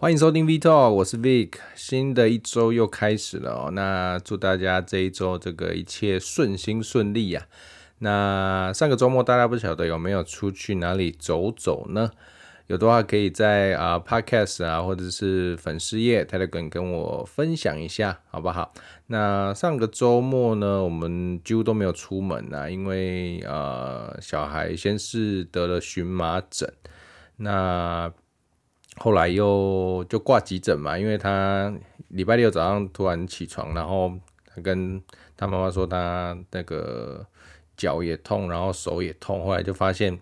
歡迎收聽 V Talk 我是 Vic，新的一週又開始了哦，那祝大家這一週這個一切順心順利呀，啊！那上個周末大家不曉得有沒有出去哪裡走走呢？有的話可以在啊、呃、Podcast 啊或者是粉絲頁 Telegram 跟我分享一下，好不好？那上個周末呢，我們幾乎都沒有出門啊，因為呃小孩先是得了蕁麻疹，那後來又就掛急診嘛，因為他禮拜六早上突然起床，然後他跟他媽媽說他那個腳也痛，然後手也痛，後來就發現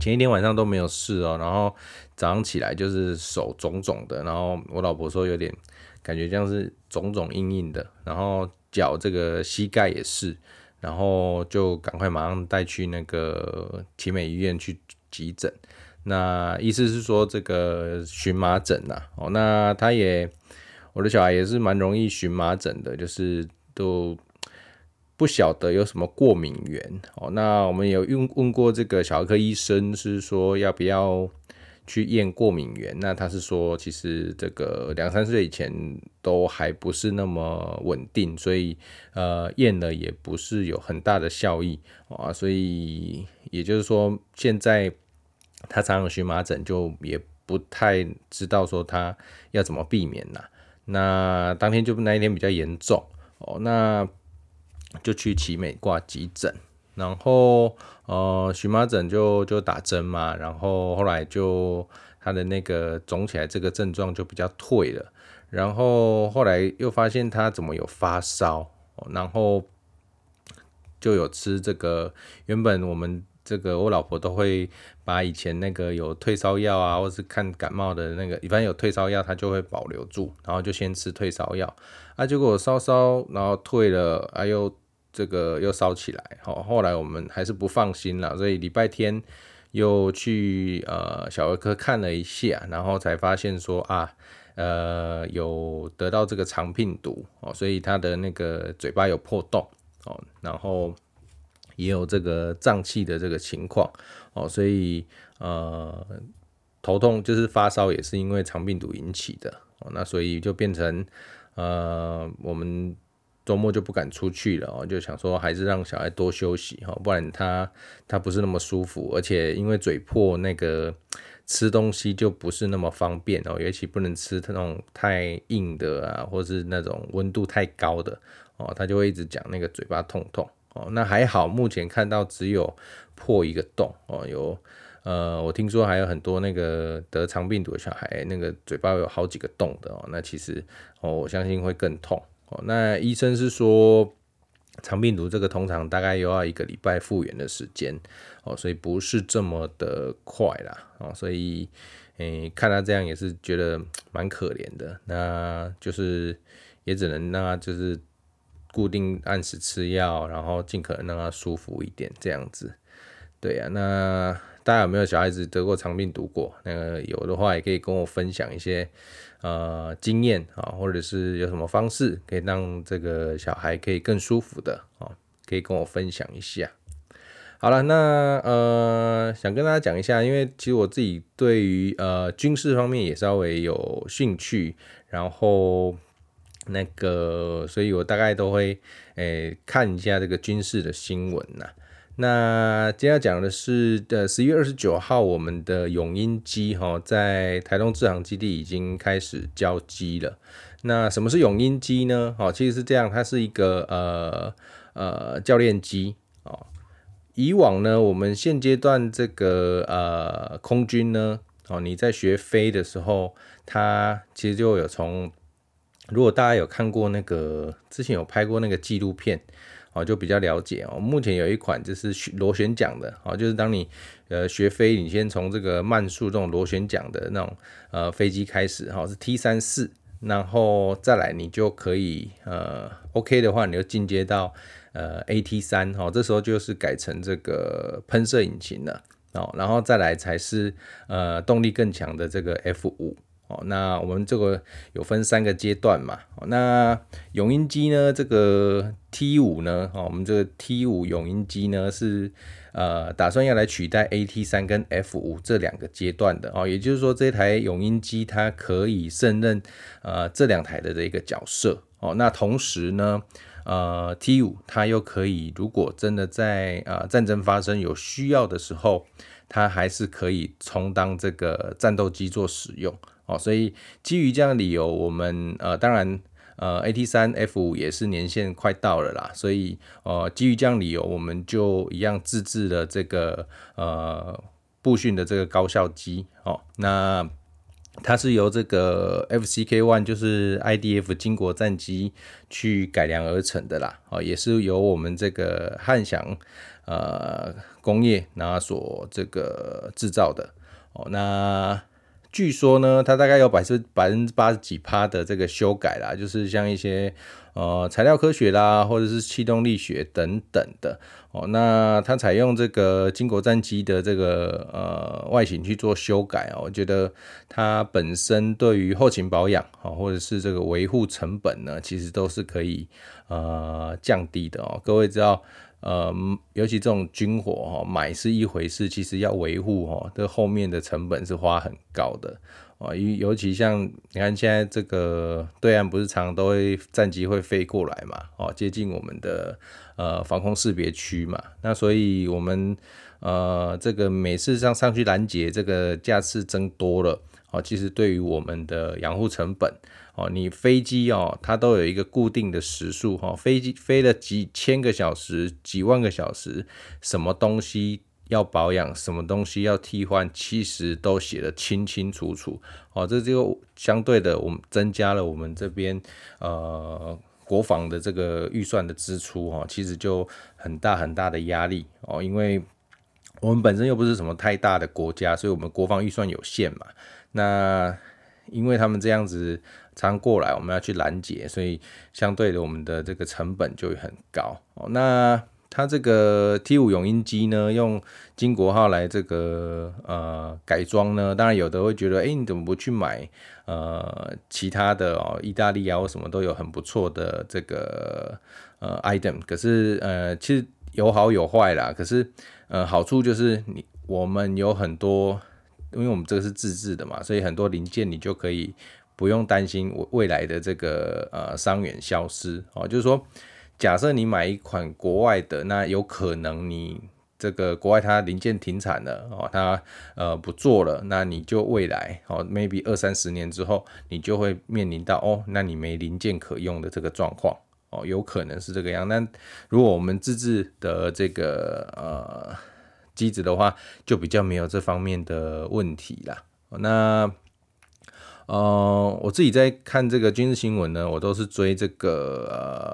前一天晚上都沒有事哦，然後早上起來就是手腫腫的，然後我老婆說有點感覺像是腫腫硬硬的，然後腳這個膝蓋也是，然後就趕快馬上帶去那個奇美醫院去急診。那意思是說，這個蕁麻疹吶，哦，那他也，我的小孩也是蠻容易蕁麻疹的，就是都不曉得有什麼過敏源哦。那我們有用問過這個小兒科醫生，是說要不要去驗過敏源？那他是說，其實這個兩三歲以前都還不是那麼穩定，所以呃，驗了也不是有很大的效益啊。所以也就是說，現在。他常有蕁麻疹，就也不太知道說他要怎麼避免吶、啊。那當天就那一天比較嚴重哦、喔，那就去奇美掛急診，然後哦，蕁麻疹就就打針嘛，然後後來就他的那個腫起來這個症狀就比較退了，然後後來又發現他怎麼有發燒、喔，然後就有吃這個原本我們。這個我老婆都會把以前那個有退燒藥啊，或是看感冒的那個，一般有退燒藥，她就會保留住，然後就先吃退燒藥。啊，結果燒燒，然後退了，啊又這個又燒起來，哦，後來我們還是不放心了，所以禮拜天又去呃小兒科看了一下，然後才發現說啊，呃有得到這個腸病毒哦，所以他的那個嘴巴有破洞哦，然後。也有這個脹氣的這個情況哦，所以呃頭痛就是發燒也是因為腸病毒引起的哦，那所以就變成呃我們周末就不敢出去了哦，就想說還是讓小孩多休息哈、哦，不然他他不是那麼舒服，而且因為嘴破那個吃東西就不是那麼方便哦，尤其不能吃那種太硬的啊，或是那種溫度太高的哦，他就會一直講那個嘴巴痛痛。哦，那還好，目前看到只有破一個洞哦。有，呃，我聽說還有很多那個得腸病毒的小孩，那個嘴巴有好幾個洞的哦。那其實，哦，我相信會更痛哦。那醫生是說，腸病毒這個通常大概又要一個禮拜復原的時間哦，所以不是這麼的快啦哦。所以，誒、欸，看他這樣也是覺得蠻可憐的。那就是，也只能讓他就是。固定按時吃藥，然後盡可能讓他舒服一點，這樣子，對呀、啊。那大家有沒有小孩子得過腸病毒過？那個有的話，也可以跟我分享一些呃經驗啊、哦，或者是有什麼方式可以讓這個小孩可以更舒服的啊、哦，可以跟我分享一下。好了，那呃，想跟大家講一下，因為其實我自己對於呃軍事方面也稍微有興趣，然後。那個，所以我大概都會誒、欸、看一下這個軍事的新聞啦。那今天要講的是，呃，十一月二十九號，我們的勇鷹機哈、哦、在台東志航基地已經開始交機了。那什麼是勇鷹機呢？哦，其實是這樣，它是一個呃呃教練機哦。以往呢，我們現階段這個呃空軍呢，哦你在學飛的時候，它其實就有從如果大家有看過那個之前有拍過那個紀錄片，哦，就比較了解哦。目前有一款就是螺旋槳的哦，就是當你呃學飛，你先從這個慢速這種螺旋槳的那種呃飛機開始哈，是 T 三四，然後再來你就可以呃 OK 的話，你就進階到呃 AT 三、喔、哈，這時候就是改成這個噴射引擎了哦，然後再來才是呃動力更強的這個 F 五。哦，那我們這個有分三個階段嘛？哦，那勇鷹機呢？這個 T 五呢？哦，我們這個 T 五勇鷹機呢是呃，打算要來取代 AT 三跟 F 五這兩個階段的哦。也就是說，這台勇鷹機它可以勝任呃這兩台的這個角色哦。那同時呢，呃，T 五它又可以，如果真的在呃戰爭發生有需要的時候。它還是可以充當這個戰鬥機做使用哦，所以基於這樣的理由，我們呃當然呃 A T 三 F 五也是年限快到了啦，所以呃基於這樣的理由，我們就一樣自製了這個呃步訓的這個高效機哦、喔，那它是由這個 F C K one 就是 I D F 經國戰機去改良而成的啦，哦、喔、也是由我們這個漢翔。呃，工業拿所這個製造的哦，那據說呢，它大概有百百分之八十幾趴的這個修改啦，就是像一些呃材料科學啦，或者是氣動力學等等的哦。那它採用這個經國戰機的這個呃外形去做修改哦，我覺得它本身對於後勤保養啊、哦，或者是這個維護成本呢，其實都是可以呃降低的哦。各位知道。呃，尤其這種軍火哈、哦，買是一回事，其實要維護哈，這後面的成本是花很高的啊。尤、哦、尤其像你看現在這個對岸不是常都會戰機會飛過來嘛，哦，接近我們的呃防空識別區嘛，那所以我們呃這個每次上上去攔截這個架次增多了，哦，其實對於我們的養護成本。哦，你飛機哦，它都有一個固定的時速哦，飛機飛了幾千個小時、幾萬個小時，什麼東西要保養，什麼東西要替換，其實都寫得清清楚楚。哦，這就相對的，我們增加了我們這邊呃國防的這個預算的支出哦，其實就很大很大的壓力哦，因為我們本身又不是什麼太大的國家，所以我們國防預算有限嘛。那因為他們這樣子。常，常過來，我們要去攔截，所以相對的，我們的這個成本就會很高。哦，那它這個 T5 永音機呢，用金國號來這個呃改裝呢，當然有的會覺得，哎、欸，你怎麼不去買呃其他的哦？意大利啊，或什麼都有很不錯的這個呃 item。可是呃，其實有好有壞啦。可是呃，好處就是你我們有很多，因為我們這個是自制的嘛，所以很多零件你就可以。不用擔心未未來的這個呃商源消失哦，就是說，假設你買一款國外的，那有可能你這個國外它零件停產了哦，它呃不做了，那你就未來哦，maybe 二三十年之後，你就會面臨到哦，那你沒零件可用的這個狀況哦，有可能是這個樣子。那如果我們自制的這個呃機子的話，就比較沒有這方面的問題啦。哦、那。呃，我自己在看這個軍事新聞呢，我都是追這個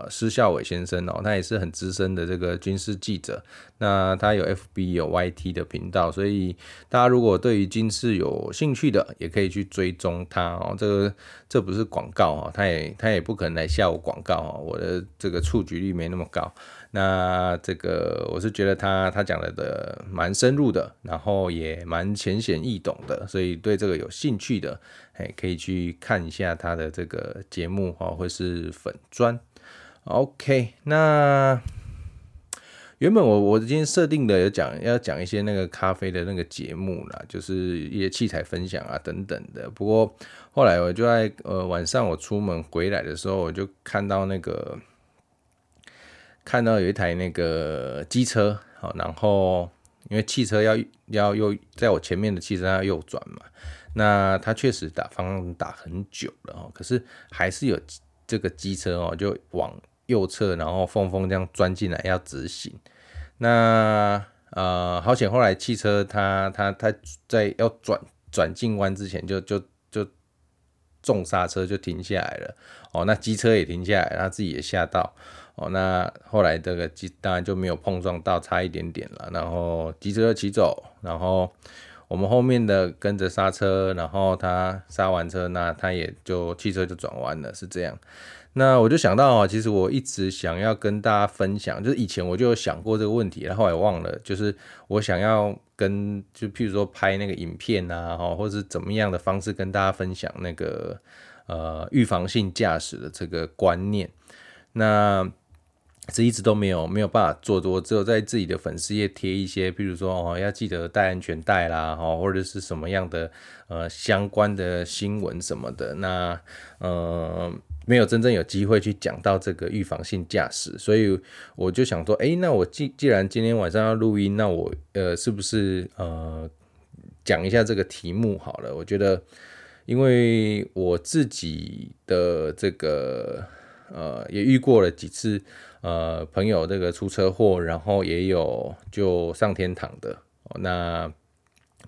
呃施孝瑋先生哦，他也是很資深的這個軍事記者。那他有 FB 有 YT 的頻道，所以大家如果對於金氏有興趣的，也可以去追蹤他哦、喔。這個這不是廣告哦、喔，他也他也不可能來下我廣告哦、喔。我的這個觸及率沒那麼高。那這個我是覺得他他講的的蠻深入的，然後也蠻淺顯易懂的，所以對這個有興趣的，哎，可以去看一下他的這個節目哦、喔，或是粉專。OK，那。原本我我今天設定的有講要講一些那個咖啡的那個節目啦，就是一些器材分享啊等等的。不過後來我就在呃晚上我出門回來的時候，我就看到那個看到有一台那個機車，好、喔，然後因為汽車要要又在我前面的汽車要右轉嘛，那它確實打方向打很久了哦、喔，可是還是有這個機車哦、喔、就往。右側，然後蜂蜂這樣鑽進來要直行，那呃好險，後來汽車它它它，在要轉轉進彎之前就就就重剎車，就停下來了，哦，那機車也停下來，他自己也嚇到，哦，那後來這個機當然就沒有碰撞到，差一點點了，然後機車騎走，然後我們後面的跟着剎車，然後他剎完車，那他也就汽車就轉彎了，是這樣。那我就想到啊、哦，其實我一直想要跟大家分享，就是以前我就想過這個問題，然後也忘了，就是我想要跟，就譬如說拍那個影片啊，哈，或者是怎麼樣的方式跟大家分享那個呃預防性駕駛的這個觀念，那這一直都沒有沒有辦法做多，只有在自己的粉絲頁貼一些，譬如說哦要記得帶安全帶啦，哈，或者是什麼樣的呃相關的新聞什麼的，那嗯。呃沒有真正有機會去講到這個預防性駕駛，所以我就想說，哎，那我既既然今天晚上要錄音，那我呃，是不是呃，講一下這個題目好了？我覺得，因為我自己的這個呃，也遇過了幾次，呃，朋友這個出車禍，然後也有就上天堂的，那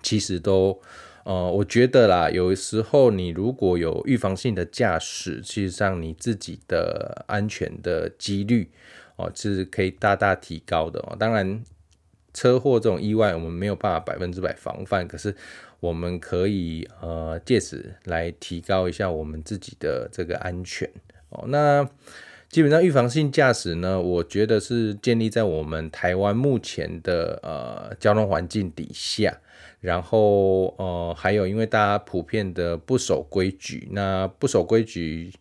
其實都。呃，我覺得啦，有時候你如果有預防性的駕駛，其實上你自己的安全的幾率哦，呃，是可以大大提高的哦。當然，車禍這種意外我們沒有辦法百分之百防範，可是我們可以呃借此來提高一下我們自己的這個安全哦。那基本上預防性駕駛呢，我覺得是建立在我們台灣目前的呃交通環境底下。然後，呃，還有，因為大家普遍的不守規矩，那不守規矩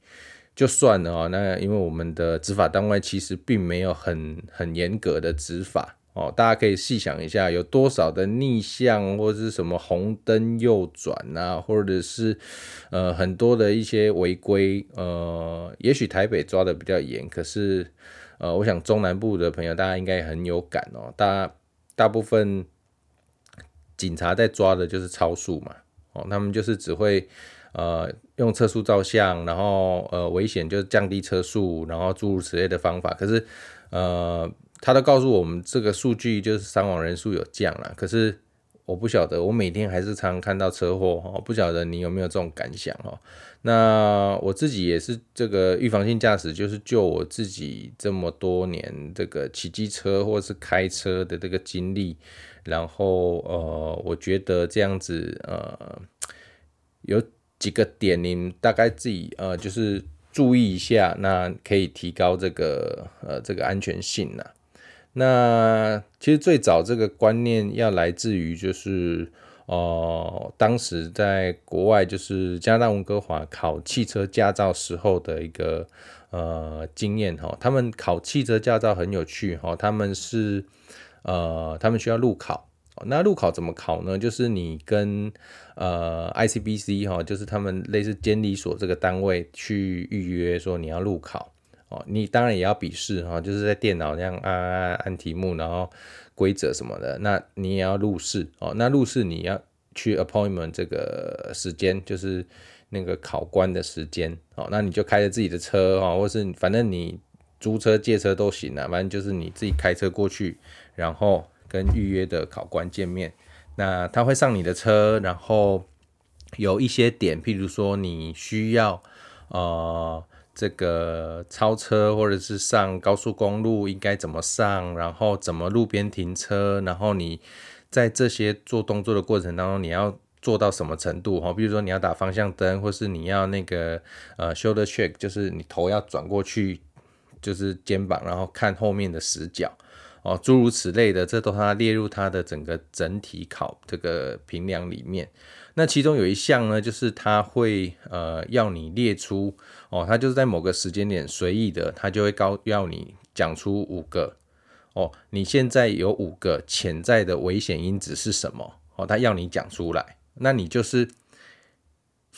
就算了啊、哦。那因為我們的執法單位其實並沒有很很嚴格的執法哦，大家可以細想一下，有多少的逆向或者是什麼紅燈右轉啊，或者是呃很多的一些違規，呃，也許台北抓得比較嚴，可是呃，我想中南部的朋友大家應該很有感哦，大大部分。警察在抓的就是超速嘛，哦，他們就是只會呃用測速照相，然後呃危險就是降低車速，然後諸如此類的方法。可是呃，他都告訴我們這個數據就是傷亡人數有降了，可是我不曉得，我每天還是常常看到車禍哦，不曉得你有沒有這種感想哦？那我自己也是這個預防性駕駛，就是就我自己這麼多年這個騎機車或是開車的這個經歷。然後呃，我覺得這樣子呃，有幾個點您大概自己呃就是注意一下，那可以提高這個呃這個安全性。啊、那其實最早這個觀念要來自於就是哦、呃，當時在國外就是加拿大溫哥華考汽車駕照時候的一個呃經驗哈、哦，他們考汽車駕照很有趣哈、哦，他們是。呃，他們需要路考，那路考怎麼考呢？就是你跟呃 ICBC 哈、哦，就是他們類似監理所這個單位去預約，說你要路考哦，你當然也要筆試哈、哦，就是在電腦那樣啊,啊,啊按題目，然後規則什麼的，那你也要路試哦。那路試你要去 appointment 這個時間，就是那個考官的時間哦，那你就開着自己的車哦，或是反正你租車借車都行啊，反正就是你自己開車過去。然後跟預約的考官見面，那他會上你的車，然後有一些點，譬如說你需要呃這個超車或者是上高速公路應該怎麼上，然後怎麼路邊停車，然後你在這些做動作的過程當中，你要做到什麼程度哈？比如說你要打方向燈，或是你要那個呃 shoulder check，就是你頭要轉過去，就是肩膀，然後看後面的死角。哦，諸如此類的，這都它列入它的整個整體考這個評量裡面。那其中有一項呢，就是它會呃要你列出哦，它就是在某個時間點隨意的，它就會告要你講出五個哦。你現在有五個潛在的危險因子是什麼？哦，它要你講出來，那你就是。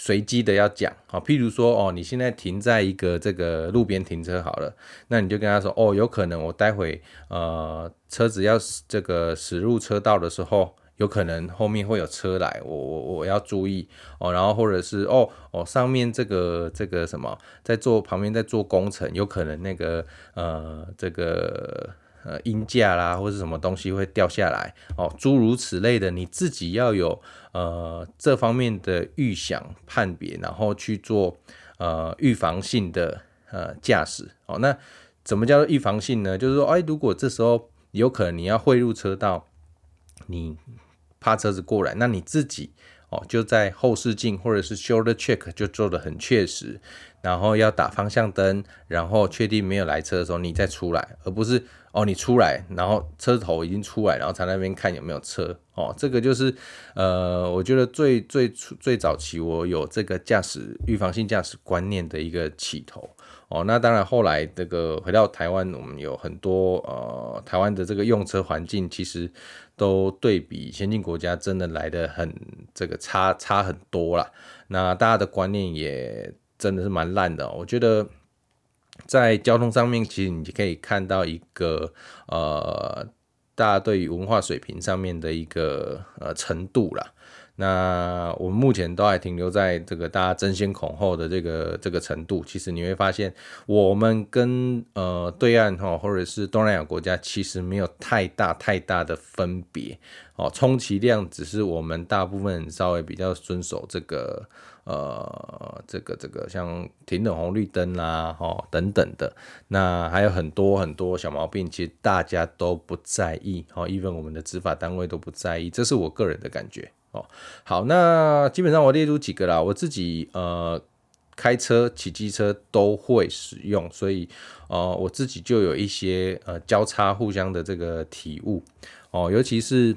隨機的要講啊，譬如說哦，你現在停在一個這個路邊停車好了，那你就跟他說哦，有可能我待會呃車子要這個駛入車道的時候，有可能後面會有車來，我我我要注意哦，然後或者是哦哦上面這個這個什麼在做旁邊在做工程，有可能那個呃這個。呃，鷹架啦，或者是什麼東西會掉下來，哦，諸如此類的，你自己要有呃這方面的預想、判別，然後去做呃預防性的呃駕駛。哦，那怎麼叫做預防性呢？就是說，哎、哦欸，如果這時候有可能你要匯入車道，你怕車子過來，那你自己。哦，就在後視鏡或者是 shoulder check 就做得很確實，然後要打方向燈，然後確定沒有來車的時候，你再出來，而不是哦你出來，然後車頭已經出來，然後才在那邊看有沒有車。哦，這個就是呃，我覺得最最最早期我有這個駕駛預防性駕駛觀念的一個起頭。哦，那當然後來這個回到台灣，我們有很多呃台灣的這個用車環境其實。都對比先進國家，真的來得很這個差，差很多啦。那大家的觀念也真的是蠻爛的哦。我覺得在交通上面，其實你可以看到一個呃，大家對於文化水平上面的一個呃程度啦。那我們目前都還停留在這個大家爭先恐後的這個這個程度。其實你會發現，我們跟呃對岸哈，或者是東南亞國家，其實沒有太大太大的分別哦。充其量只是我們大部分人稍微比較遵守這個呃這個這個，像停等紅綠燈啦，啊，哦等等的。那還有很多很多小毛病，其實大家都不在意哦，even 我們的執法單位都不在意。這是我個人的感覺。哦，好，那基本上我列出幾個啦，我自己呃開車、騎機車都會使用，所以呃我自己就有一些呃交叉互相的這個體悟哦、呃，尤其是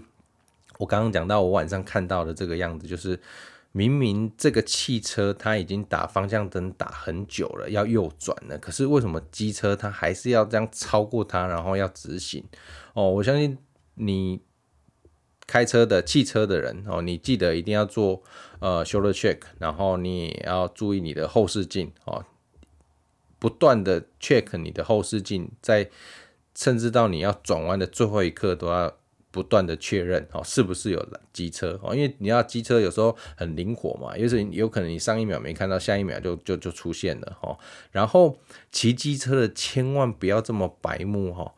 我剛剛講到我晚上看到的這個樣子，就是明明這個汽車它已經打方向燈打很久了，要右轉了，可是為什麼機車它還是要這樣超過它，然後要直行？哦、呃，我相信你。開車的，汽車的人哦，你記得一定要做呃 shoulder check，然後你也要注意你的後視鏡哦，不斷的 check 你的後視鏡，在甚至到你要轉彎的最後一刻都要不斷的確認哦，是不是有機車哦？因為你要機車有時候很靈活嘛，有時候有可能你上一秒沒看到，下一秒就就就出現了哦，然後騎機車的千萬不要這麼白目哈。哦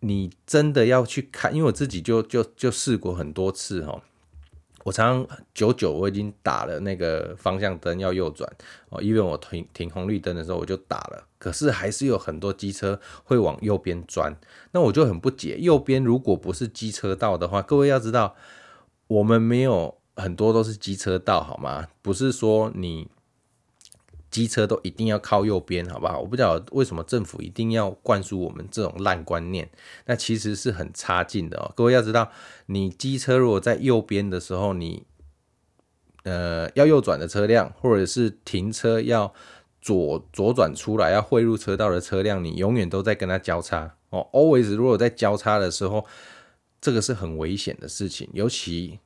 你真的要去看，因為我自己就就就試過很多次哈、喔。我常常久久，我已經打了那個方向燈要右轉哦，因為我停停紅綠燈的時候我就打了，可是還是有很多機車會往右邊鑽。那我就很不解，右邊如果不是機車道的話，各位要知道，我們沒有很多都是機車道好嗎？不是說你。機車都一定要靠右邊，好不好？我不知道為什麼政府一定要灌輸我們這種爛觀念，那其實是很差勁的哦。各位要知道，你機車如果在右邊的時候，你呃要右轉的車輛，或者是停車要左左轉出來要匯入車道的車輛，你永遠都在跟它交叉哦。Always，如果在交叉的時候，這個是很危險的事情，尤其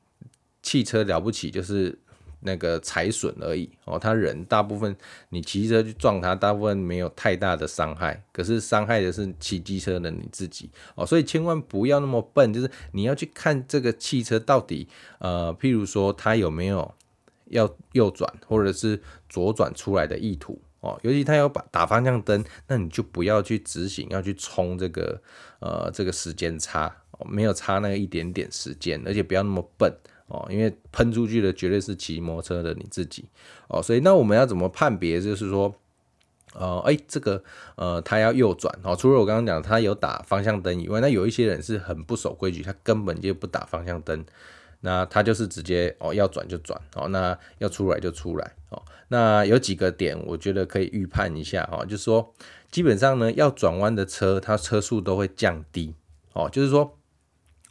汽車了不起就是。那個財損而已哦，他人大部分你騎車去撞他，大部分沒有太大的傷害。可是傷害的是騎機車的你自己哦，所以千萬不要那麼笨，就是你要去看這個汽車到底呃，譬如說它有沒有要右轉或者是左轉出來的意圖哦，尤其它要把打方向燈，那你就不要去直行，要去衝這個呃這個時間差，沒有差那一點點時間，而且不要那麼笨。哦，因為噴出去的絕對是騎摩托車的你自己哦，所以那我們要怎麼判別？就是說，呃，哎、欸，這個呃，它要右轉哦，除了我剛剛講它有打方向燈以外，那有一些人是很不守規矩，他根本就不打方向燈，那他就是直接哦要轉就轉哦，那要出來就出來哦，那有幾個點我覺得可以預判一下哈，就是說基本上呢，要轉彎的車它車速都會降低哦，就是說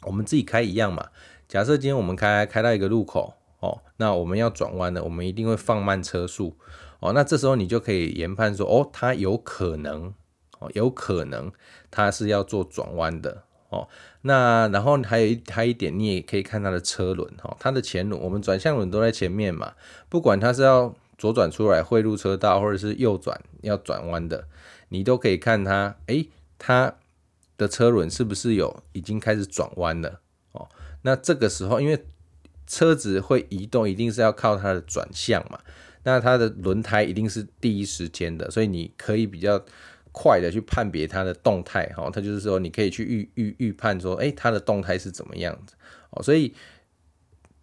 我們自己開一樣嘛。假設今天我們開開到一個路口哦，那我們要轉彎了，我們一定會放慢車速哦。那這時候你就可以研判說，哦，它有可能哦，有可能它是要做轉彎的哦。那然後還有一還有一點，你也可以看它的車輪哈、哦，它的前輪，我們轉向輪都在前面嘛。不管它是要左轉出來匯入車道，或者是右轉要轉彎的，你都可以看它，誒、欸，它的車輪是不是有已經開始轉彎了哦？那這個時候，因為車子會移動，一定是要靠它的轉向嘛。那它的輪胎一定是第一時間的，所以你可以比較快的去判別它的動態，哈、哦，它就是說你可以去預預預判說，哎、欸，它的動態是怎麼樣子，哦，所以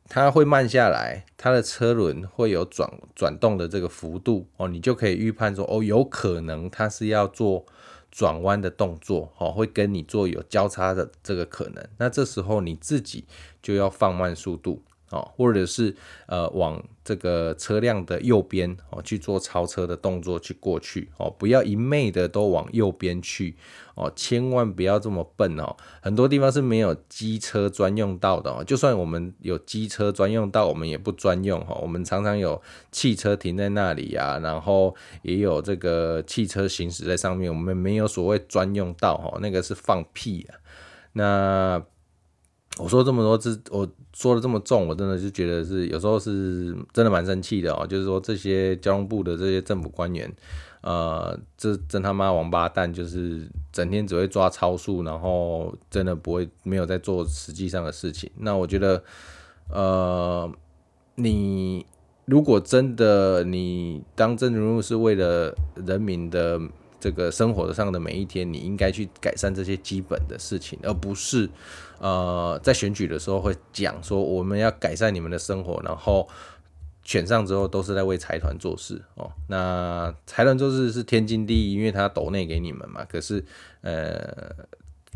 它會慢下來，它的車輪會有轉轉動的這個幅度，哦，你就可以預判說，哦，有可能它是要做。轉彎的動作，哈，會跟你做有交叉的這個可能。那這時候你自己就要放慢速度。哦，或者是呃，往這個車輛的右邊哦去做超車的動作，去過去哦，不要一昧的都往右邊去哦，千萬不要這麼笨哦。很多地方是沒有機車專用道的哦，就算我們有機車專用道，我們也不專用哈。我們常常有汽車停在那裡呀，然後也有這個汽車行駛在上面，我們沒有所謂專用道哈，那個是放屁啊。那。我說這麼多，這我說的這麼重，我真的就覺得是有時候是真的蠻生氣的哦、喔。就是說這些交通部的這些政府官員，呃，這真他媽王八蛋，就是整天只會抓超速，然後真的不會沒有在做實際上的事情。那我覺得，呃，你如果真的你當政治人物是為了人民的。這個生活上的每一天，你應該去改善這些基本的事情，而不是，呃，在選舉的時候會講說，我們要改善你們的生活，然後選上之後都是在為財團做事哦。那財團做事是天經地義，因為他抖內給你們嘛。可是，呃，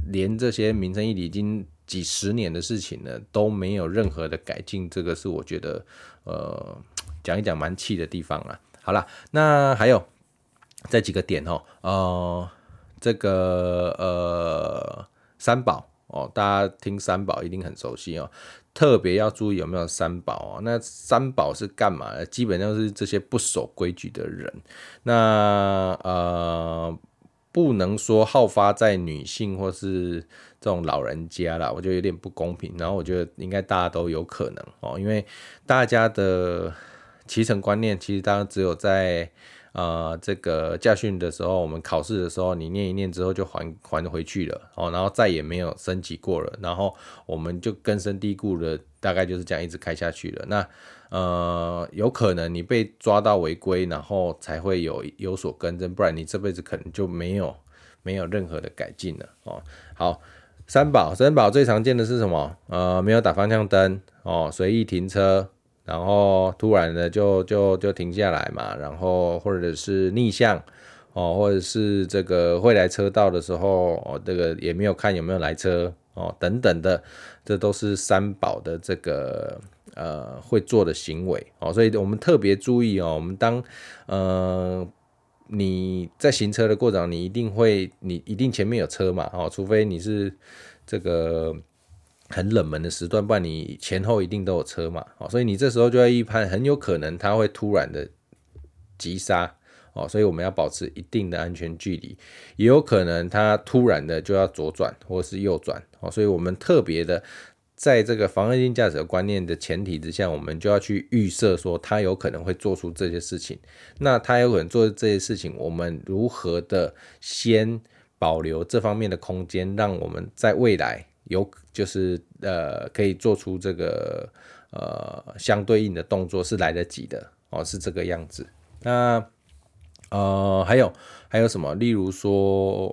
連這些民生議題已經幾十年的事情呢，都沒有任何的改進，這個是我覺得，呃，講一講蠻氣的地方啦、啊。好了，那還有。這幾個點哦，呃，這個呃，三寶哦，大家聽三寶一定很熟悉哦，特別要注意有沒有三寶哦。那三寶是幹嘛的？基本上是這些不守規矩的人。那呃，不能說好發在女性或是這種老人家啦，我覺得有點不公平。然後我覺得應該大家都有可能哦，因為大家的騎乘觀念，其實大家只有在。呃，這個駕訓的時候，我們考試的時候，你念一念之後就還還回去了哦，然後再也沒有升級過了，然後我們就根深蒂固的大概就是這樣一直開下去了。那呃，有可能你被抓到違規，然後才會有有所更正，不然你這輩子可能就沒有沒有任何的改進了哦。好，三寶，三寶最常見的是什麼？呃，沒有打方向燈哦，隨意停車。然後突然呢，就就就停下來嘛，然後或者是逆向哦，或者是這個會來車道的時候哦，這個也沒有看有沒有來車哦，等等的，這都是三寶的這個呃會做的行為哦，所以我們特別注意哦，我們當呃你在行車的過程你一定會，你一定前面有車嘛哦，除非你是這個。很冷門的時段，不然你前後一定都有車嘛，哦，所以你這時候就要預判，很有可能他會突然的急剎，哦，所以我們要保持一定的安全距離，也有可能他突然的就要左轉或是右轉，哦，所以我們特別的在這個防衛性駕駛的觀念的前提之下，我們就要去預設說他有可能會做出這些事情，那他有可能做這些事情，我們如何的先保留這方面的空間，讓我們在未來有。就是呃，可以做出這個呃相對應的動作是來得及的哦，是這個樣子。那呃，還有還有什麼？例如說，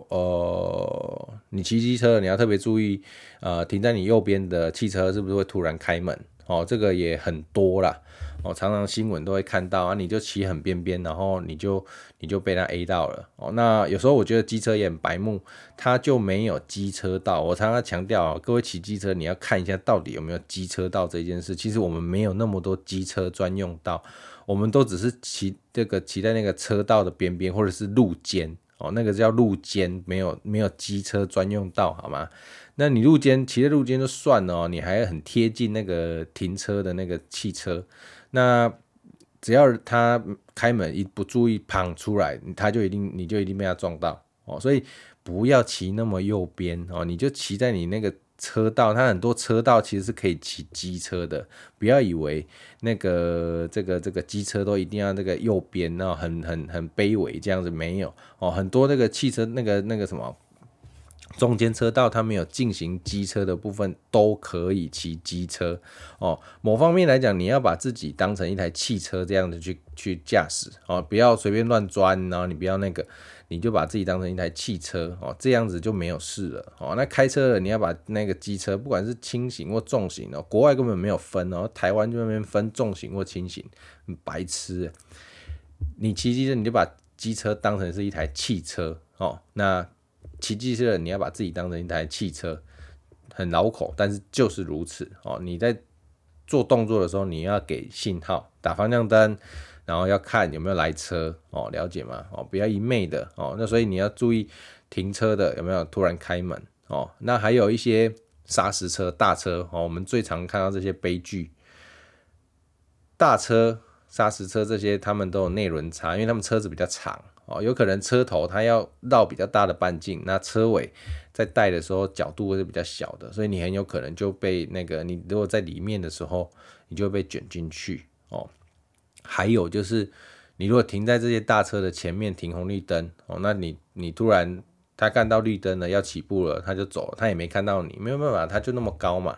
呃，你騎機車，你要特別注意，呃，停在你右邊的汽車是不是會突然開門？哦，這個也很多啦。我、哦、常常新聞都會看到啊，你就騎很邊邊，然後你就你就被他 A 到了。哦，那有時候我覺得機車也很白目，他就沒有機車道。我常常強調，各位騎機車你要看一下到底有沒有機車道這件事。其實我們沒有那麼多機車專用道，我們都只是騎這個騎在那個車道的邊邊或者是路肩，哦，那個叫路肩，沒有沒有機車專用道，好嗎？那你路肩騎着路肩就算了哦，你還很貼近那個停車的那個汽車，那只要他開門一不注意跑出來，他就一定，你就一定被他撞到哦。所以不要騎那麼右邊哦，你就騎在你那個車道，它很多車道其實是可以騎機車的。不要以為那個這個這個機車都一定要那個右邊哦，很很很卑微這樣子，沒有哦，很多那個汽車那個那個什麼。中間車道，它沒有進行機車的部分，都可以騎機車哦。某方面來講，你要把自己當成一台汽車這樣子去去駕駛哦，不要隨便亂鑽，然後你不要那個，你就把自己當成一台汽車哦，這樣子就沒有事了哦。那開車了，你要把那個機車，不管是輕型或重型哦，國外根本沒有分哦，台灣就那邊分重型或輕型，很白痴。你騎機車你就把機車當成是一台汽車哦，那。騎機車，你要把自己當成一台汽車，很老口，但是就是如此哦。你在做動作的時候，你要給信號，打方向燈，然後要看有沒有來車哦，了解嗎？哦，不要一昧的哦。那所以你要注意停車的有沒有突然開門哦。那還有一些砂石車、大車哦，我們最常看到這些悲劇。大車、砂石車這些，他們都有內輪差，因為他們車子比較長。哦，有可能車頭它要繞比較大的半徑，那車尾在帶的時候角度會是比較小的，所以你很有可能就被那個，你如果在裡面的時候，你就會被捲進去哦。還有就是，你如果停在這些大車的前面停紅綠燈哦，那你你突然他看到綠燈了要起步了，他就走了，他也沒看到你，沒有辦法，他就那麼高嘛。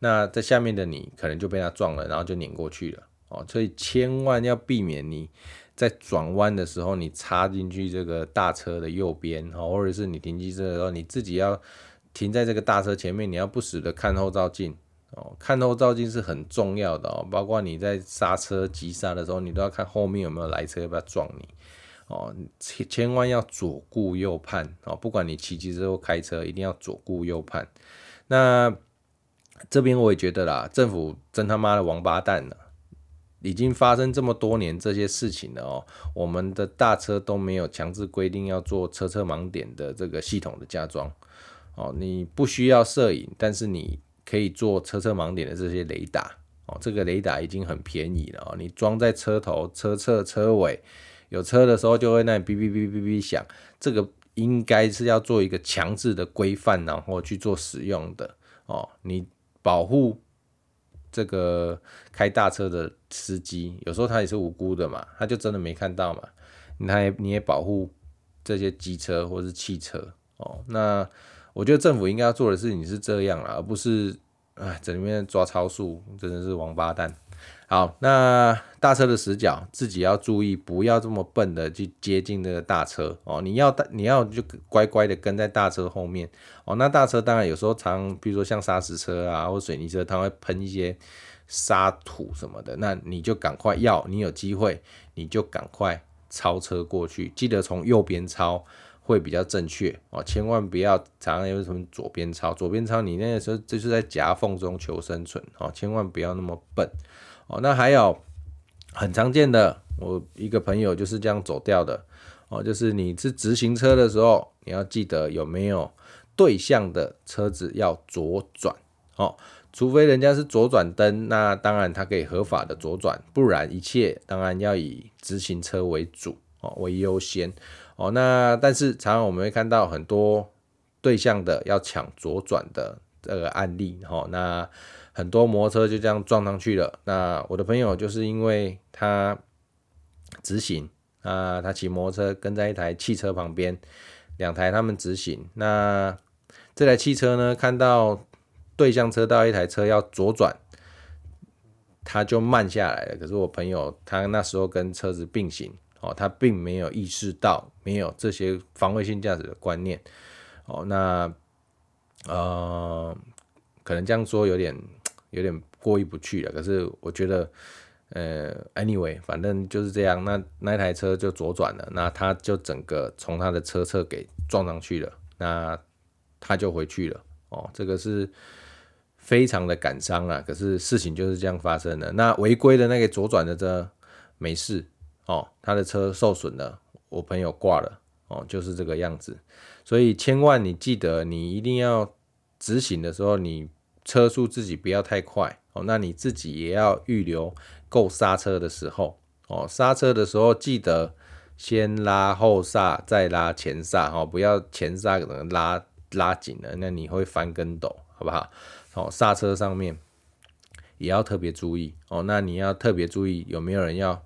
那在下面的你可能就被他撞了，然後就碾過去了哦。所以千萬要避免你。在轉彎的時候，你插進去這個大車的右邊，哦，或者是你停機車的時候，你自己要停在這個大車前面，你要不時的看後照鏡，哦，看後照鏡是很重要的哦，包括你在剎車急剎的時候，你都要看後面有沒有來車，要不要撞你，哦，千千萬要左顧右盼，哦，不管你騎機車或開車，一定要左顧右盼。那這邊我也覺得啦，政府真他媽的王八蛋了。已經發生這麼多年這些事情了哦，我們的大車都沒有強制規定要做車車盲點的這個系統的加裝哦，你不需要攝影，但是你可以做車車盲點的這些雷達哦，這個雷達已經很便宜了哦，你裝在車頭、車側、車尾，有車的時候就會那裡嗶嗶嗶嗶嗶響，這個應該是要做一個強制的規範，哦，然後去做使用的哦，你保護。這個開大車的司機，有時候他也是無辜的嘛，他就真的沒看到嘛。你他也你也保護這些機車或是汽車哦。那我覺得政府應該要做的事情是這樣啦，而不是哎，整天抓超速，真的是王八蛋。好，那大車的死角自己要注意，不要這麼笨的去接近那個大車哦。你要你要就乖乖的跟在大車後面哦。那大車當然有時候常，比如說像砂石車啊或水泥車，它會噴一些沙土什麼的。那你就趕快要，你有機會你就趕快超車過去，記得從右邊超會比較正確哦。千萬不要常常因為什麼左邊超，左邊超你那個時候就是在夾縫中求生存哦，千萬不要那麼笨。哦，那還有很常見的，我一個朋友就是這樣走掉的。哦，就是你是直行車的時候，你要記得有沒有對向的車子要左轉。哦，除非人家是左轉燈，那當然它可以合法的左轉，不然一切當然要以直行車為主哦，為優先。哦，那但是常常我們會看到很多對向的要搶左轉的這個案例。哦，那。很多摩托車就這樣撞上去了。那我的朋友就是因為他直行啊，他騎摩托車跟在一台汽車旁邊，兩台他們直行。那這台汽車呢，看到對向車道一台車要左轉，他就慢下來了。可是我朋友他那時候跟車子並行，哦，他並沒有意識到沒有這些防衛性駕駛的觀念。哦，那呃，可能這樣說有點。有點過意不去了，可是我覺得，呃，anyway，反正就是這樣。那那台車就左轉了，那他就整個從他的車側給撞上去了，那他就回去了。哦，這個是非常的感傷啊。可是事情就是這樣發生的。那違規的那個左轉的車沒事哦，他的車受損了，我朋友掛了哦，就是這個樣子。所以千萬你記得，你一定要直行的時候你。車速自己不要太快哦，那你自己也要預留夠剎車的時候哦。剎車的時候記得先拉後剎，再拉前剎哦。不要前剎可能拉拉緊了，那你會翻跟斗，好不好？哦，剎車上面也要特別注意哦，那你要特別注意有沒有人要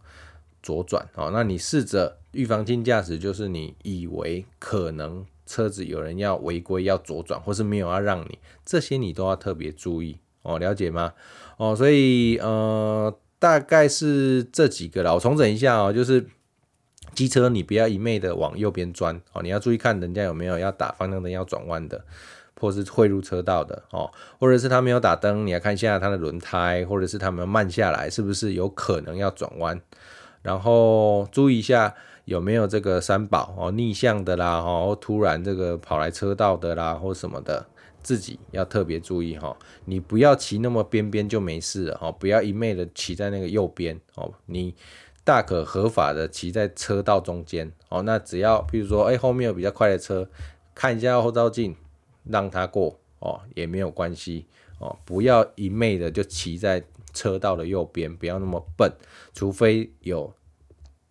左轉哦，那你試着預防性駕駛，就是你以為可能。車子有人要違規要左轉，或是沒有要讓你，這些你都要特別注意哦，了解嗎？哦，所以呃，大概是這幾個了，我重整一下哦，就是機車你不要一昧的往右邊鑽哦，你要注意看人家有沒有要打方向燈要轉彎的，或是匯入車道的哦，或者是他沒有打燈，你要看一下他的輪胎，或者是他們慢下來是不是有可能要轉彎，然後注意一下。有沒有這個三寶哦？逆向的啦，哦，或突然這個跑來車道的啦，或什麼的，自己要特別注意哈、哦。你不要騎那麼邊邊就沒事了哦，不要一昧的騎在那個右邊哦。你大可合法的騎在車道中間哦。那只要譬如說，哎、欸，後面有比較快的車，看一下後照鏡，讓他過哦，也沒有關係哦。不要一昧的就騎在車道的右邊，不要那麼笨，除非有。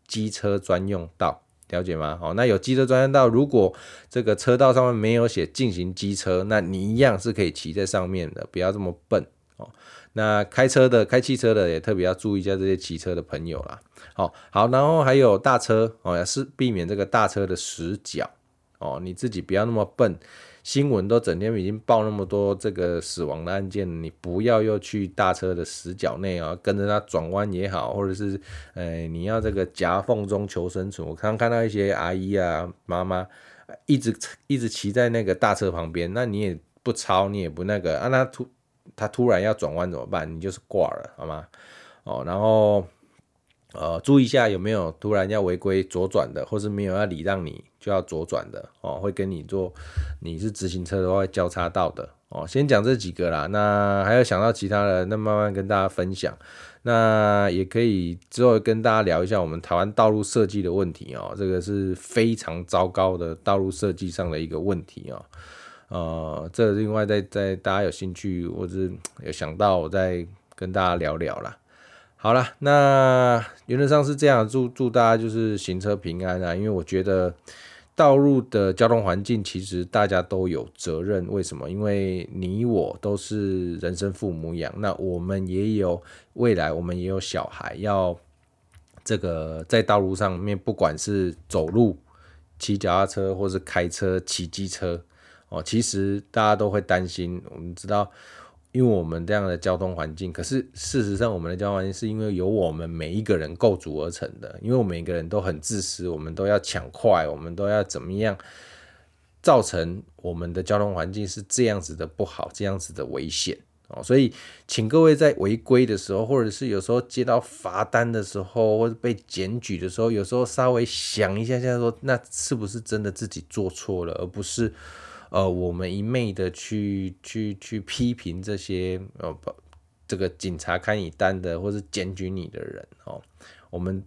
機車專用道，了解嗎？哦，那有機車專用道，如果這個車道上面沒有寫禁行機車，那你一樣是可以騎在上面的，不要這麼笨哦。那開車的、開汽車的也特別要注意一下這些騎車的朋友啦。哦，好，然後還有大車哦，也是避免這個大車的死角哦，你自己不要那麼笨。新聞都整天已經報那麼多這個死亡的案件，你不要又去大車的死角內啊、喔，跟着他轉彎也好，或者是，呃、欸，你要這個夾縫中求生存。我剛剛看到一些阿姨啊、媽媽，一直一直騎在那個大車旁邊，那你也不超，你也不那個，啊，那他突他突然要轉彎怎麼辦？你就是掛了，好嗎？哦、喔，然後，呃，注意一下有沒有突然要違規左轉的，或是沒有要禮讓你。就要左轉的哦，會跟你做，你是直行車的話，交叉到的哦。先講這幾個啦，那還有想到其他的，那慢慢跟大家分享。那也可以之後跟大家聊一下我們台灣道路設計的問題哦，這個是非常糟糕的道路設計上的一個問題哦。呃，這另外再再大家有興趣或是有想到，我再跟大家聊聊啦。好了，那原則上是這樣，祝祝大家就是行車平安啊，因為我覺得。道路的交通環境，其實大家都有責任。為什麼？因為你我都是人生父母養，那我們也有未來，我們也有小孩，要這個在道路上面，不管是走路、騎腳踏車，或是開車、騎機車，哦，其實大家都會擔心。我們知道。因為我們這樣的交通環境，可是事實上，我們的交通環境是因為由我們每一個人構築而成的。因為我們每一個人都很自私，我們都要搶快，我們都要怎麼樣，造成我們的交通環境是這樣子的不好，這樣子的危險哦。所以，請各位在違規的時候，或者是有時候接到罰單的時候，或者被檢舉的時候，有時候稍微想一下一下說，說那是不是真的自己做錯了，而不是。呃，我們一昧的去去去批評這些呃不，這個警察開你單的，或是檢舉你的人哦，我們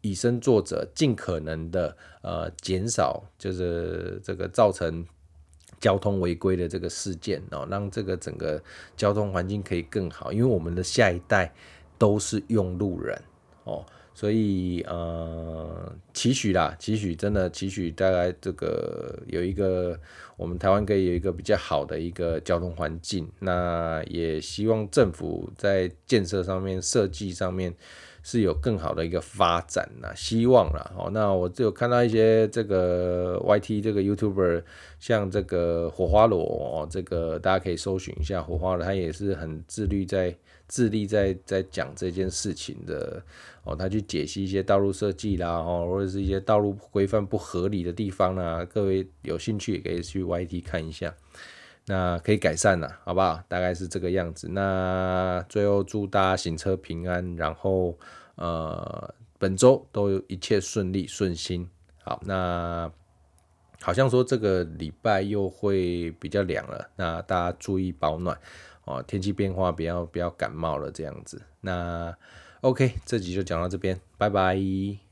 以身作則，盡可能的呃減少就是這個造成交通違規的這個事件哦，讓這個整個交通環境可以更好，因為我們的下一代都是用路人哦。所以呃，期許啦，期許真的，期許大概這個有一個我們台灣可以有一個比較好的一個交通環境，那也希望政府在建設上面、設計上面是有更好的一個發展啦，希望啦。哦，那我就有看到一些這個 YT 這個 YouTuber，像這個火花羅哦，這個大家可以搜尋一下火花羅，他也是很自律在。致力在在講這件事情的哦，他去解析一些道路設計啦，哦，或者是一些道路規範不合理的地方啦，啊，各位有興趣也可以去 YT 看一下，那可以改善了好不好？大概是這個樣子。那最後祝大家行車平安，然後呃，本周都有一切順利順心。好，那好像說這個禮拜又會比較涼了，那大家注意保暖。哦，天氣變化不要，不要感冒了這樣子，那 OK，這集就講到這邊，拜拜。